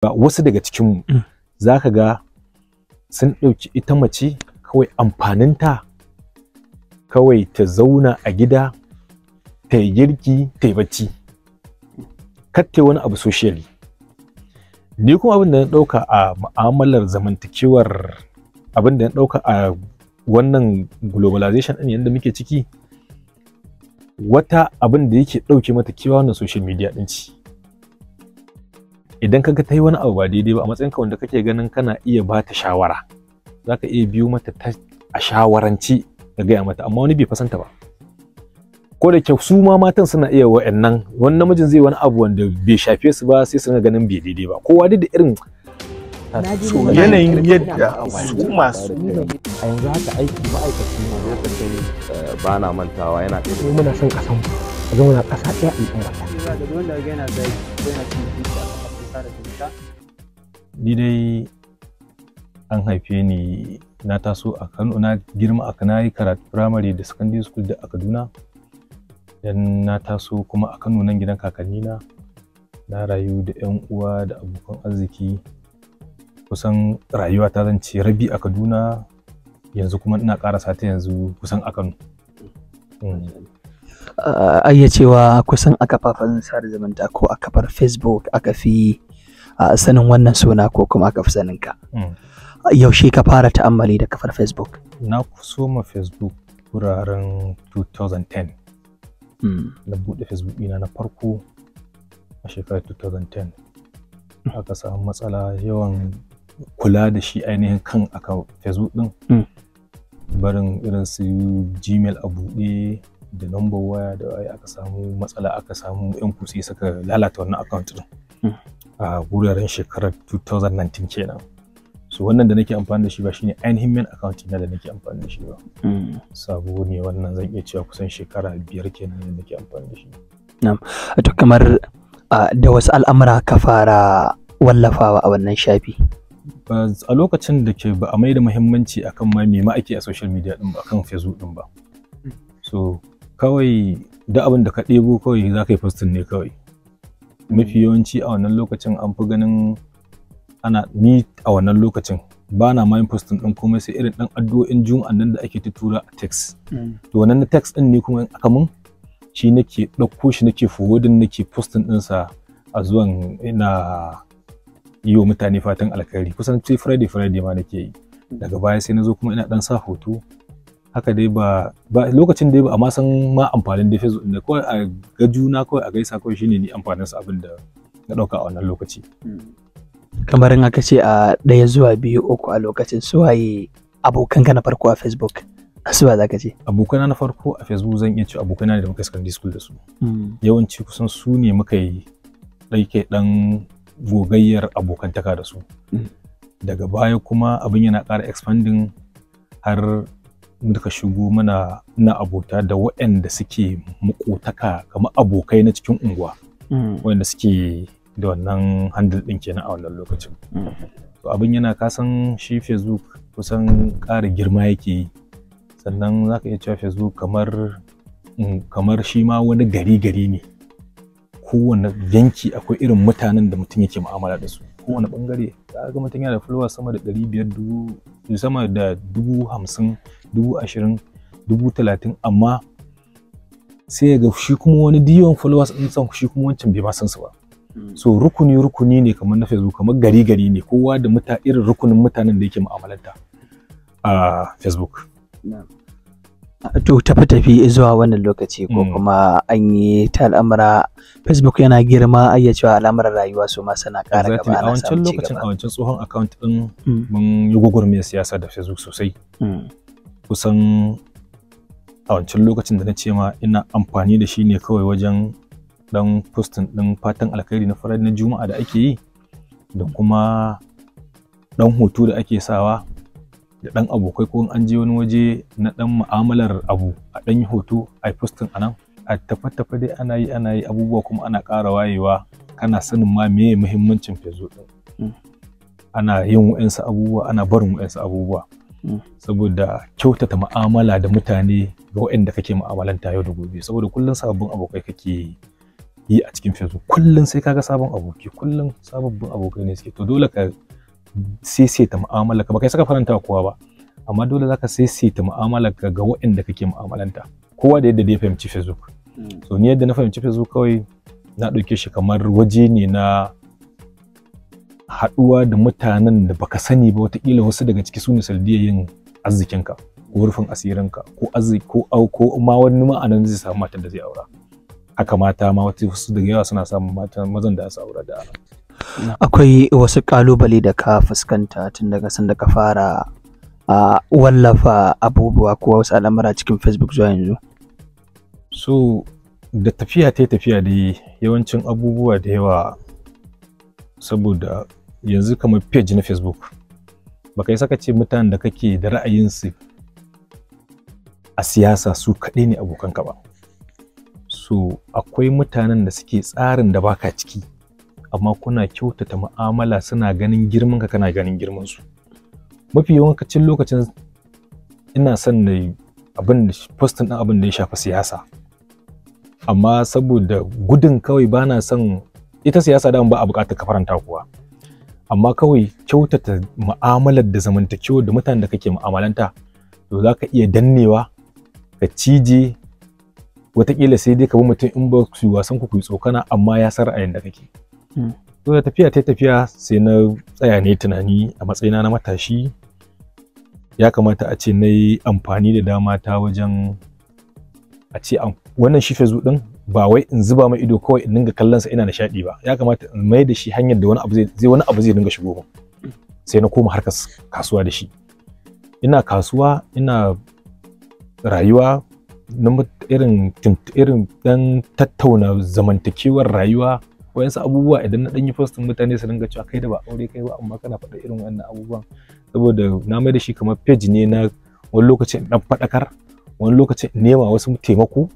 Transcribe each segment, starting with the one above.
Ba wasu daga cikinmu mm. za ka ga sun ɗauki ita mace kawai amfaninta kawai ta zauna a gida ta yi girki ta yi bacci katte wani abu socially ni kuma abin da na ɗauka a mu'amalar zamantakewar abin da na ɗauka a wannan globalization ɗin yadda muke ciki wata abin da yake ɗauke mata kewa wannan social media ɗin ci idan kaga ta yi wani abu ba daidai ba a matsayinka wanda kake ganin kana iya ba ta shawara za ka iya biyo mata ta a shawaranci ka gaya mata amma wani bai fasanta ba ko da kyau su ma matan suna iya wa'annan wani namijin zai wani abu wanda bai shafe su ba sai su ganin bai daidai ba kowa duk da irin yanayin yadda su masu a yanzu haka aiki ma'aikaci ne lokacin eh, ba na mantawa yana ɗaya mu muna son ƙasan mu zama na ƙasa ɗaya al'umma ni dai an haife ni na taso a kano na girma a kano yi karatu primary da secondary school da a kaduna dan na taso kuma a kano nan gidan kakannina na rayu da 'yan uwa da abokan arziki kusan rayuwa ta zan ce rabi a kaduna yanzu kuma ina karasa ta yanzu kusan a kano hmm. ayyacewa kusan a kafafen sada zumunta ko a kafar facebook aka fi sanin wannan suna ko kuma aka fi sanin ka hmm. yaushe ka fara ta'ammali da kafar facebook na soma ma facebook wuraren 2010 hmm. na buɗe facebook ɗina na farko a shekarar 2010 hmm. aka samu matsala yawan kula da shi ainihin kan aka facebook ɗin barin irin su gmail a buɗe da number waya da aka samu matsala aka samu yan kutse suka lalata wannan account din a wuraren shekarar 2019 kenan so wannan da nake amfani da shi ba shine ainihin main account na da nake amfani da shi ba hmm. sabo ne wannan zan iya cewa kusan shekara biyar kenan da nake amfani da shi na'am to kamar da wasu al'amura ka fara wallafawa a wannan shafi a lokacin da ke ba a mai da muhimmanci akan ma me ma ake a social media din ba akan facebook din ba hmm. so kawai da abin da ka ɗebo kawai za ka yi postin ne kawai mafi yawanci a wannan lokacin an fi ganin ana ni a wannan lokacin ba na mayin postin ɗin komai sai irin ɗan addu'o'in juma'an nan da ake tura a text mm. to wannan na text ɗin ne kuma aka mun shi nake ɗauko shi nake forwarding nake postin ɗinsa a zuwan ina yi wa mutane fatan alkhairi kusan sai friday friday ma nake yi daga baya sai na zo kuma ina ɗan sa hoto haka dai ba ba lokacin dai ba a ma san ma amfanin da Facebook da kawai a ga juna kawai a gaisa kawai shine ni amfanin sa abin da na dauka a wannan lokaci hmm. kamar in aka ce a ɗaya zuwa biyu uku a lokacin su waye abokan ka na farko a Facebook su ba za ka ce abokana na farko a Facebook zan iya ce abokana ne da muka secondary school da su hmm. yawanci kusan su ne muka yi ɗauke dan gogayyar abokantaka da su hmm. daga baya kuma abin yana ƙara expanding har muka shigo muna na abota da waɗanda suke mukotaka kamar abokai na cikin unguwa mm. waɗanda suke da wannan handle ɗin kenan a wannan lokacin mm. to abin yana kasan shi facebook kusan ƙara girma yake yi sannan za ka iya cewa facebook kamar mm, kamar shi ma wani gari gari ne kowane yanki akwai irin mutanen da mutum yake mu'amala da su kowane bangare ga mutum yana da followers sama da ɗari sama da dubu hamsin dubu ashirin dubu talatin amma sai ga shi kuma wani diyon followers ɗin san shi kuma wancan bai ma san su ba hmm. so rukuni rukuni ne kamar na facebook kamar gari gari ne kowa da muta irin rukunin mutanen da yake mu'amalanta a facebook to tafi tafi zuwa wannan lokaci ko hmm. kuma an yi ta al'amura facebook yana girma ayya cewa al'amuran rayuwa su ma sana kara gaba a wancan lokacin a wancan tsohon account din hmm. mun yi gwagwarmayar siyasa da facebook sosai kusan a wancan lokacin da na ce ma ina amfani da shi ne kawai wajen dan fustin din fatan alkhairi na farar na juma'a da ake yi da kuma dan hoto da ake sawa da dan abokai ko an je wani waje na dan mu'amalar abu a dan yi hoto a fustin a nan a tafa-tafa dai ana yi ana yi abubuwa kuma ana ƙara wayewa kana sanin ma meye muhimmancin fezo din mm. ana yin wa'ansu abubuwa ana barin wa'ansu abubuwa saboda kyautata mu'amala da mutane ga waɗanda kake mu'amalanta yau da gobe saboda kullum sababbin abokai kake yi a cikin facebook kullum sai kaga sabon aboki kullum sababbin abokai ne suke to dole ka saisaita mu'amala ka ba kai saka faranta kowa ba amma dole zaka saisaita mu'amala ka ga waɗanda kake mu'amalanta kowa da yadda da ya fahimci facebook hmm. so ni yadda na fahimci facebook kawai na ɗauke shi kamar waje ne na haɗuwa da mutanen da baka sani ba watakila wasu daga ciki su ne sanadiyar yin arzikinka ko rufin asirinka ko arziki ko au ma wani ma'anan zai samu matan da zai aura haka mata ma wata wasu daga yawa suna samun matan mazan da su aura da akwai wasu kalubale da ka fuskanta tun daga san da ka fara a wallafa abubuwa ko wasu al'amura cikin facebook zuwa yanzu so da tafiya ta tafiya dai yawancin abubuwa da yawa saboda yanzu kamar page na facebook baka yi saka ce mutanen da kake da ra'ayinsu a siyasa su kaɗai ne abokanka ba so akwai mutanen da suke tsarin da baka ciki amma kuna kyautata mu'amala suna ganin girman ka kana ganin girman mafi yawancin lokacin ina son na abin da postin ɗin abin da ya shafa siyasa amma saboda gudun kawai bana son ita siyasa da ba a bukatar ka faranta kuwa amma kawai kyautata mu'amalar da zamantakewa da mutanen da kake mu'amalanta to za ka iya dannewa ka cije watakila sai dai ka bi mutum in ba su wasan ku tsokana amma ya sar ra'ayin da kake hmm. to da tafiya ta tafiya sai na tsaya ne tunani a matsayina na matashi ya kamata a ce na yi amfani da dama ta wajen a ce wannan shi fezu din ba wai in zuba mai ido kawai in dinga kallonsa sa ina nishaɗi ba ya kamata in mai da shi hanyar da wani abu zai wani abu zai dinga shigo sai na koma harkar kasuwa da shi ina kasuwa ina rayuwa na irin irin dan tattauna zamantakewar rayuwa wayansu abubuwa idan na dan yi postin mutane su dinga cewa kai da ba aure kai ba amma kana faɗa irin wannan abubuwan saboda na mai da shi kamar page ne na wani lokacin dan faɗakar wani lokacin nema wasu taimako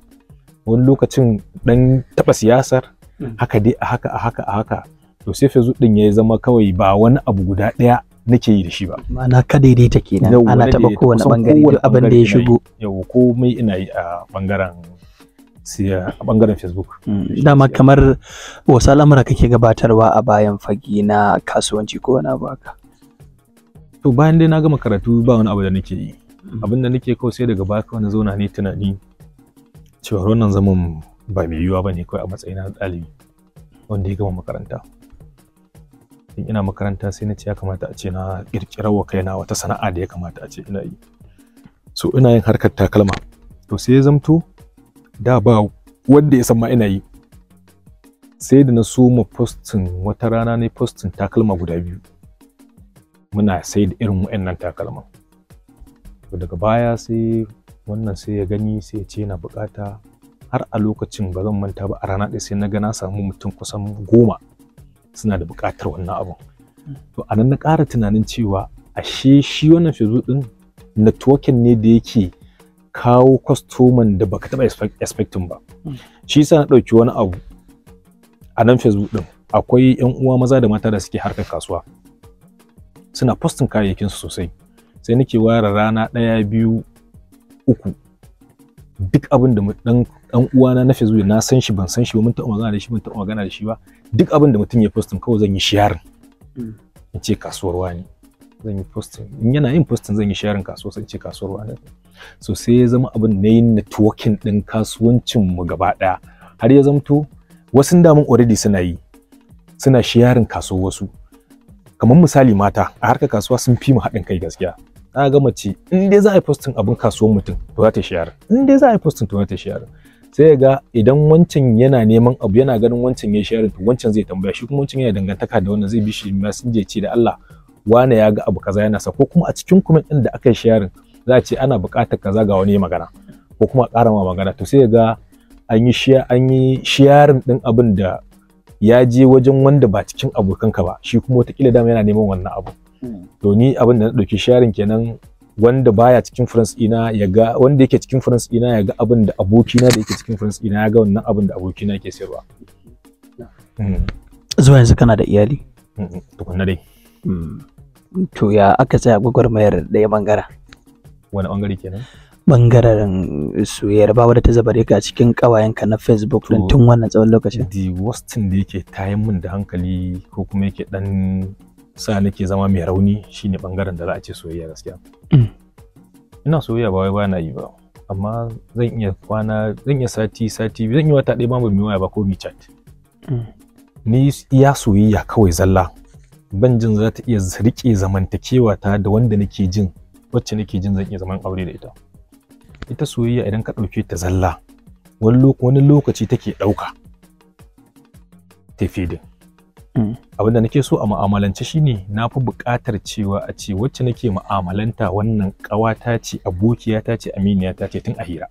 wani lokacin dan taɓa siyasar hmm. haka dai a haka a haka a haka to sai facebook din ya zama kawai ba wani abu guda daya nake yi da shi ba ma'ana ka daidaita kenan ana taɓa kowane bangare duk abin da ya shigo yau komai ina yi a bangaren siya a bangaren facebook hmm. dama kamar wasu al'amura kake gabatarwa a bayan fage na kasuwanci ko wani abu haka to bayan dai na gama karatu ba wani abu da nake yi hmm. abin da nake kawai sai daga baka wani zauna ne tunani cewa wannan zaman ba mai yiwuwa ba ne kawai a matsayin na ɗalibi wanda ya gama makaranta in ina makaranta sai na ce ya kamata a ce na ƙirƙirar wa kaina wata sana'a da ya kamata a ce ina yi so ina yin harkar takalma to sai ya zamto da ba wanda ya san ma ina yi sai da na soma postin wata rana ne postin takalma guda biyu muna sai da irin wa'annan takalman daga baya sai wannan sai ya gani sai ya ce yana bukata har a lokacin ba zan manta ba a rana ɗaya sai na ga na samu mutum kusan goma suna da bukatar wannan abun to a nan na ƙara tunanin cewa ashe shi wannan fizo ɗin networking ne da yake kawo kwastoman da baka taɓa expecting ba hmm. shi yasa na ɗauki wani abu a nan facebook ɗin akwai 'yan uwa maza da mata da suke harkar kasuwa suna postin kayayyakin su sosai sai nake ware rana ɗaya biyu uku duk abin da dan dan uwana na Facebook na san shi ban san shi ba mun taɓa magana da shi mun taɓa magana da shi ba duk abin da mutum ya postin kawai zan yi sharing mm. in ce kasuwar wani zan yi postin in yana yin postin zan yi sharing kasuwar sai in ce kasuwar wani so sai ya zama abin na yin networking din kasuwancin mu gaba daya har ya zamto wasu damun already suna yi suna sharing kasuwar wasu kamar misali mata a harkar kasuwa sun fi mu haɗin kai gaskiya na ga mace in dai za a yi fostin abin kasuwan mutum to za ta share in dai za a yi fostin to za ta share sai ga idan wancan yana neman abu yana ganin wancan ya share to wancan zai tambaya shi kuma wancan yana dangantaka da wannan zai bi shi messenger ce da Allah wane ya ga abu kaza yana sa ko kuma a cikin comment din da aka yi sharing za a ce ana buƙatar kaza ga wani magana ko kuma ƙara ma magana to sai ga an yi shiya an yi din abin da ya je wajen wanda ba cikin abokanka ba shi kuma wataƙila dama yana neman wannan abu to ni abin da na dauki sharing kenan wanda baya cikin France ina ya ga wanda yake cikin France ina ya ga abin da abokina da yake cikin France ina ya ga wannan abin da na yake sayarwa mm. zuwa yanzu kana da iyali mm, mm, tukunna dai to ya aka tsaya gwagwarmayar ɗaya bangara wani bangare kenan bangaren soyayyar ba wadda ta zabare ka cikin kawayenka na facebook din tun wannan tsawon lokacin the worst thing da yake tayin min da hankali ko kuma yake dan sa nake zama mai rauni shine bangaren da za a ce soyayya gaskiya mm. ina soyayya ba wai ba na yi ba amma zan iya kwana zan iya sati sati zan yi wata ɗaya ma ba mu waya ba ko mi chat mm. ni iya soyayya kawai zalla ban jin za ta iya riƙe zamantakewa ta da wanda nake jin wacce nake jin zan iya zaman aure da ita ita soyayya idan ka ɗauke ta zalla wani lokaci take ɗauka ta fidin abin da nake so a mu'amalance shine na fi buƙatar cewa a ce wacce nake mu'amalanta wannan ƙawata ce abokiya ta ce aminiya ta ce tun a hira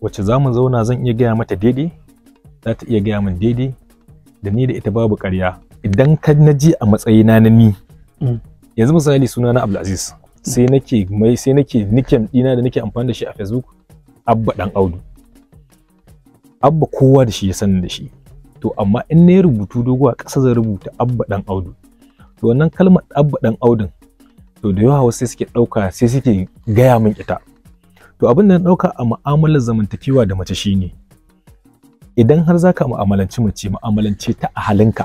wacce za mu zauna zan iya gaya mata daidai za ta iya gaya min daidai da ni da ita babu ƙarya idan ka na ji a matsayina na ni mm. yanzu misali suna na Abdulaziz sai nake mai sai nake nikem dina da nake amfani da shi a Facebook Abba dan Audu Abba kowa da shi ya san da shi to amma in ne rubutu dogo a ƙasa zan rubuta abba dan audu to wannan kalmar abba dan audun to da yawa wasu suke ɗauka sai suke gaya min ita to abin da na ɗauka a mu'amalar zamantakewa da mace shine idan har zaka mu'amalanci mace mu'amalance ta a halinka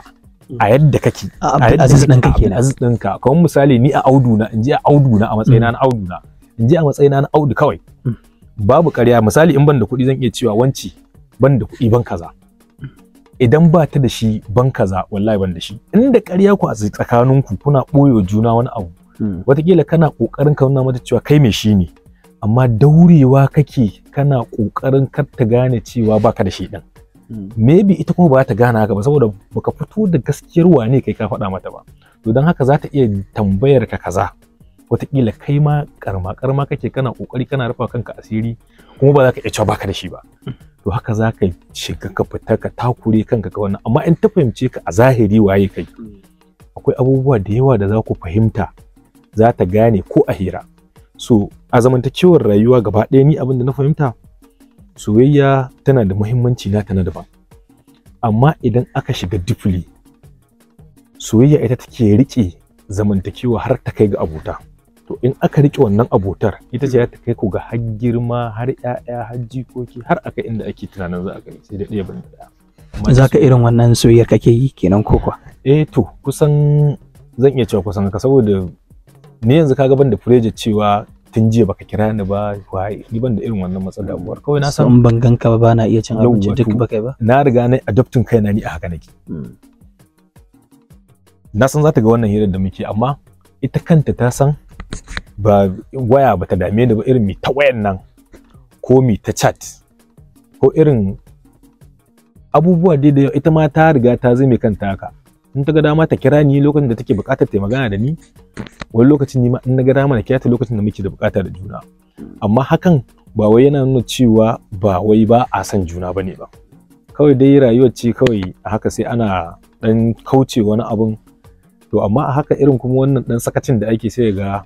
a yadda kake a yadda ɗinka kenan aziz ɗinka kamar misali ni a audu na in je a audu na a matsayina mm. na audu na in je a matsayina na audu kawai mm. babu ƙarya misali in ban da kuɗi zan iya cewa wanci ban da kuɗi ban kaza idan ba ta da shi ban kaza wallahi ban da shi inda ƙarya ku a tsakaninku kuna ɓoye juna wani abu hmm. watakila kana ƙoƙarin ka nuna mata cewa kai mai shi ne amma daurewa kake kana ƙoƙarin kar ta gane cewa baka da shi ɗin hmm. maybe ita kuma ba ta gane haka ba saboda baka fito da gaskiyar wane kai ka faɗa mata ba to don haka za ta iya tambayar ka kaza wataƙila kai ma karma karma kake kana ƙoƙari kana rufa kanka asiri kuma ba za ka iya cewa baka da shi ba to haka za ka shiga ka fita ka takure kanka ka wannan amma in ta fahimce ka a zahiri waye kai akwai abubuwa da yawa da za ku fahimta za ta gane ko a hira so a zamantakewar rayuwa gaba ɗaya ni abin da na fahimta soyayya tana da muhimmanci na ta na daban amma idan aka shiga difili soyayya ita take riƙe zamantakewa har ta kai ga abota to in aka rike wannan abotar ita ce ta kai ku ga har girma har ƴaƴa har jikoki har aka inda ake tunanin za a gani sai da ɗaya ban da za ka irin wannan soyayyar kake yi kenan ko kuwa eh to kusan zan iya cewa kusan ka saboda ni yanzu kaga ban da fureje cewa tun jiya baka kira ni ba wai ni ban da irin wannan matsalar damuwar kawai na san ban ganka ba na iya cin abinci duk ba kai ba na riga na adaptin kaina ni a haka nake hmm. na san za ta ga wannan hirar da muke amma ita kanta ta san ba waya ba ta dame ni ba irin mi ta wayan nan ko mi ta chat ko irin abubuwa dai da ita ma ta riga ta zame kanta haka in ta ga dama ta kira ni lokacin da take bukatar ta magana da ni wani lokacin ni ma in na ga dama na kira ta lokacin da muke da bukata da juna amma hakan ba wai yana nuna cewa ba wai ba a san juna bane ba kawai dai rayuwar ce kawai a haka sai ana dan kauce wani abun to amma a haka irin kuma wannan dan sakacin da ake sai ga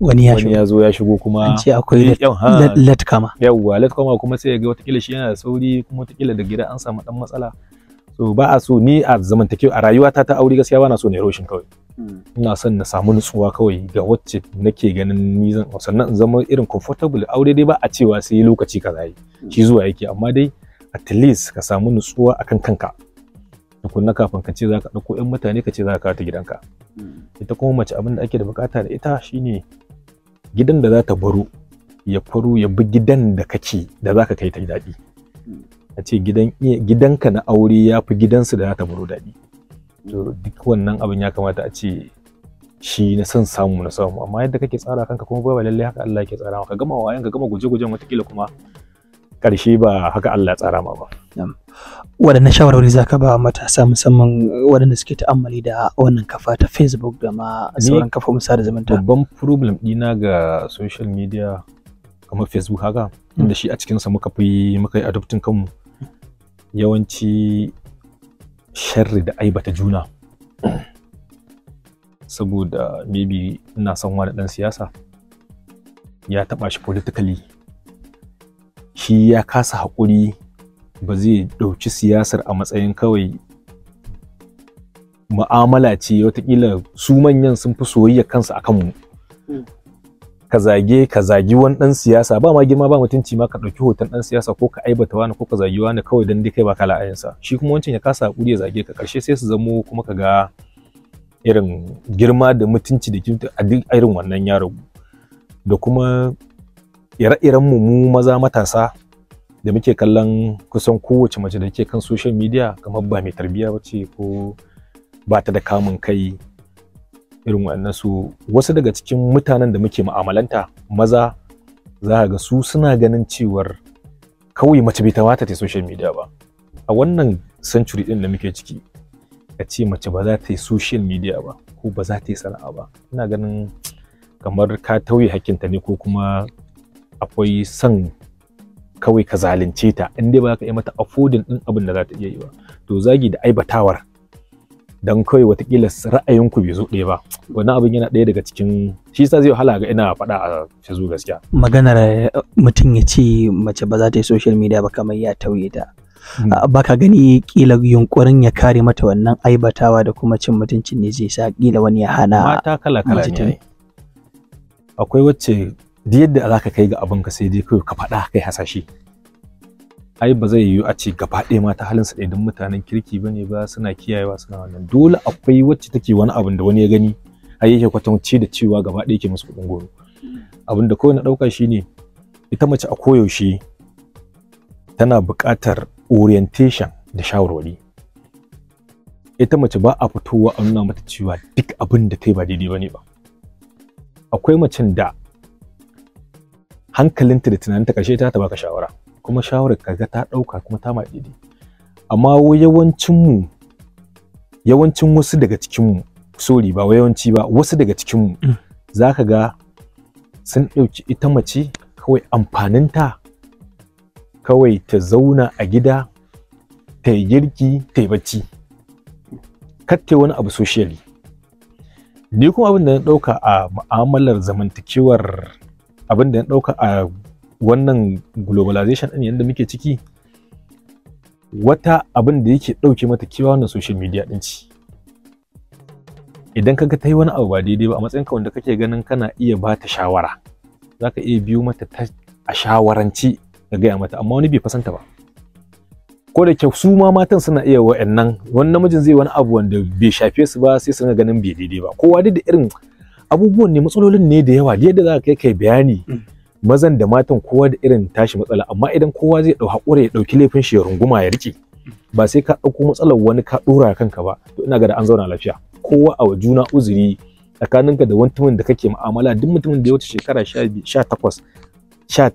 wani ya shigo zo ya shigo kuma an ce akwai eh, latkama yawwa latkama kuma sai ya ga watakila shi yana da sauri kuma watakila da gida an samu dan matsala so ba a so ni a zamantakewa a rayuwata ta aure gaskiya ba na so ne roshin kawai hmm. ina son na samu nutsuwa kawai ga wacce nake ganin ni zan sannan in zama irin comfortable aure dai ba a cewa sai lokaci kaza yi hmm. shi zuwa yake amma dai at least ka samu nutsuwa akan kanka tukunna kafin ka ce za ka ɗauko 'yan mutane ka ce za ka kawo ta gidanka hmm. ita kuma mace abin da ake da bukata da ita shine gidan da za ta baro ya faru ya bi gidan da kace da za ka kai ta daɗi a ce gidanka na aure ya fi gidansu da za ta baro daɗi to duk wannan abin ya kamata a ce shi na son samu na samu amma yadda kake tsara kanka kuma ba lallai haka Allah yake tsara maka gama wayan ka gama guje-gujen watakila kuma Karshe ba haka Allah tsara ma ba. Waɗanne shawarwari za ka ba matasa musamman waɗanda suke ta'ammali da wannan kafa ta Facebook da ma sauran kafofin sada zumunta? Babban problem ɗina ga social media kamar Facebook haka inda hmm. shi a cikin sa muka fi muka yi adoptin kanmu yawanci sharri da ta juna. Saboda maybe ina son wani dan siyasa ya taɓa shi politically shi ya kasa hakuri ba zai ɗauki siyasar a matsayin kawai mu'amala ce watakila su manyan sun fi soyayya kansu a kanmu hmm. ka zage ka zagi wani ɗan siyasa ba ma girma ba mutunci ma ka ɗauki hoton ɗan siyasa ko ka aibata wani ko ka zagi wani kawai dan dai kai ba ka la'ayinsa shi kuma wancan ya kasa haƙuri ya zage ka Karshe sai su zamo kuma ka ga irin girma da mutunci da kimta a duk irin wannan ya ragu da kuma ire-iren mu mu maza matasa da muke kallon kusan kowace mace da ke kan social media kamar ba mai tarbiyya ba ko ba ta da kamun kai irin waɗannan su wasu daga cikin mutanen da muke mu'amalanta maza za ga su suna ganin cewar kawai mace bai tawata ta social media ba a wannan century din da muke ciki a ce mace ba za ta yi social media ba ko ba za ta yi sana'a ba ina ganin kamar ka tauye hakkinta ne ko kuma akwai son kawai ka zalunce ta in dai ba za ka yi mata affording din abin da za ta iya yi ba to zagi da aibatawar dan kawai watakila ra'ayinku bai zo ɗaya ba wannan abin yana ɗaya daga cikin shi sa zai wahala ga ina faɗa a facebook gaskiya maganar eh, mutum ya ce mace ba za ta yi social media ba kamar ya tauye ta hmm. ba ka gani kila yunkurin ya kare mata wannan aibatawa da kuma cin mutuncin ne zai sa kila wani ya hana mata kala kala ne akwai wacce da yadda za ka kai ga abin ka sai dai kawai ka faɗa kai hasashe ai ba zai yiwu a ce gaba ɗaya ma ta halin sa idan mutanen kirki bane ba suna kiyayewa suna wannan dole akwai wacce take wani abin da wani ya gani ai yake kwatanci da cewa gaba ɗaya ke musu kuɗin goro abin da kawai na ɗauka shine ita mace a koyaushe tana buƙatar orientation da shawarwari ita mace ba a fitowa a nuna mata cewa duk abin da ta yi ba daidai ba ne ba akwai macen da hankalinta da tunaninta ƙarshe ta ta baka shawara kuma shawarar ga ta ɗauka kuma ta maɗi ne amma yawancin mu yawancin wasu daga cikin mu sorry ba yawanci ba wasu daga cikin mu mm. zaka ga sun ɗauki ita mace kawai ta kawai ta zauna a gida ta yi girki ta yi bacci katte wani abu socially ni kuma abin da na ɗauka a mu'amalar zamantakewar abin da ya ɗauka a wannan globalization ɗin yadda muke ciki wata abin da yake ɗauke mata kewa wannan social media ɗin ci idan kaga ta yi wani abu ba daidai ba a matsayin ka wanda kake ganin kana iya ba ta shawara za ka iya biyo mata ta a shawaranci ka gaya mata amma wani bai fasanta ba ko da kyau su ma matan suna iya wa'annan wani namijin zai wani abu wanda bai shafe su ba sai suna ganin bai daidai ba kowa duk da irin abubuwan ne matsalolin ne da yawa da yadda za ka kai kai bayani mm. mazan da matan kowa da irin tashi matsala amma idan kowa zai dau hakuri ya dauki laifin shi ya runguma ya rike mm. ba sai ka dauko matsalar wani ka dora kanka ba to ina ga da an zauna lafiya kowa a juna uzuri tsakaninka da mutumin da kake mu'amala duk mutumin da ya wuce shekara sha takwas sha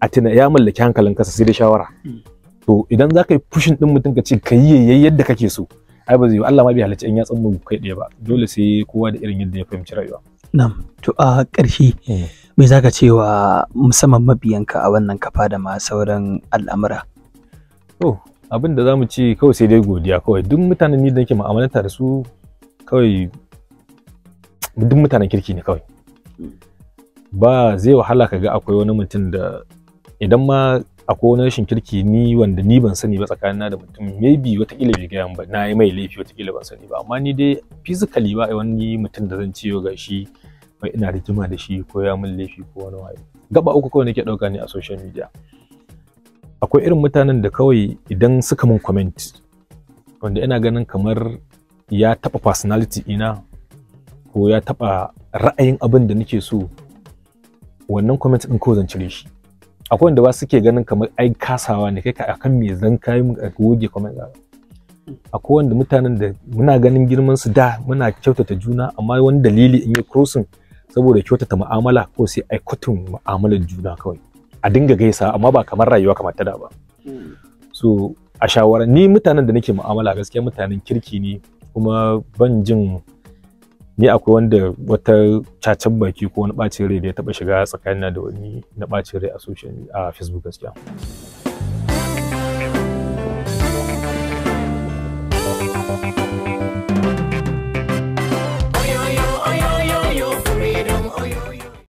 a tuna ya mallaki hankalin kasa sai da shawara mm. to idan za ka yi fushin din mutum ka ce ka yi yadda kake so ai ba zai Allah ma bai halicci in ya tsammu kai ɗaya ba dole sai kowa da irin yadda ya fahimci rayuwa na'am to a ƙarshe eh. me zaka cewa musamman mabiyanka a wannan kafa da ma sauran al'amura to abin da zamu ce kawai sai dai godiya kawai duk mutanen ni da nake mu'amalanta da su kawai duk mutanen kirki ne kawai ba zai wahala ka ga akwai wani mutum da idan ma akwai wani rashin kirki ni wanda ni ban sani ba tsakanina da mutum maybe watakila bai gaya ba na yi mai laifi wata watakila ban sani ba amma ni dai physically ba wani mutum da zan ciwo ga shi mai ina rigima da shi ko ya min laifi ko wani waye gaba uku kawai nake ɗauka ne a social media akwai irin mutanen da kawai idan suka min comment wanda ina ganin kamar ya taba personality ina ko ya taɓa ra'ayin abin da nake so wannan comment ɗin ko zan cire shi akwai wanda ba suke ganin kamar ai kasawa ne kai akan me zan kai mu goge kamar ga akwai wanda mutanen da muna ganin girman su da muna kyautata juna amma wani dalili in yi crossing saboda kyautata mu'amala ko sai ai kotun mu'amalar juna kawai a dinga gaisa amma ba kamar rayuwa kamar ta da ba so a shawara ni mutanen da nake mu'amala gaskiya mutanen kirki ne kuma ban jin ni akwai wanda wata cacan baki ko wani bacin rai da ya taba shiga tsakanin da wani na bacin rai a social a facebook gaskiya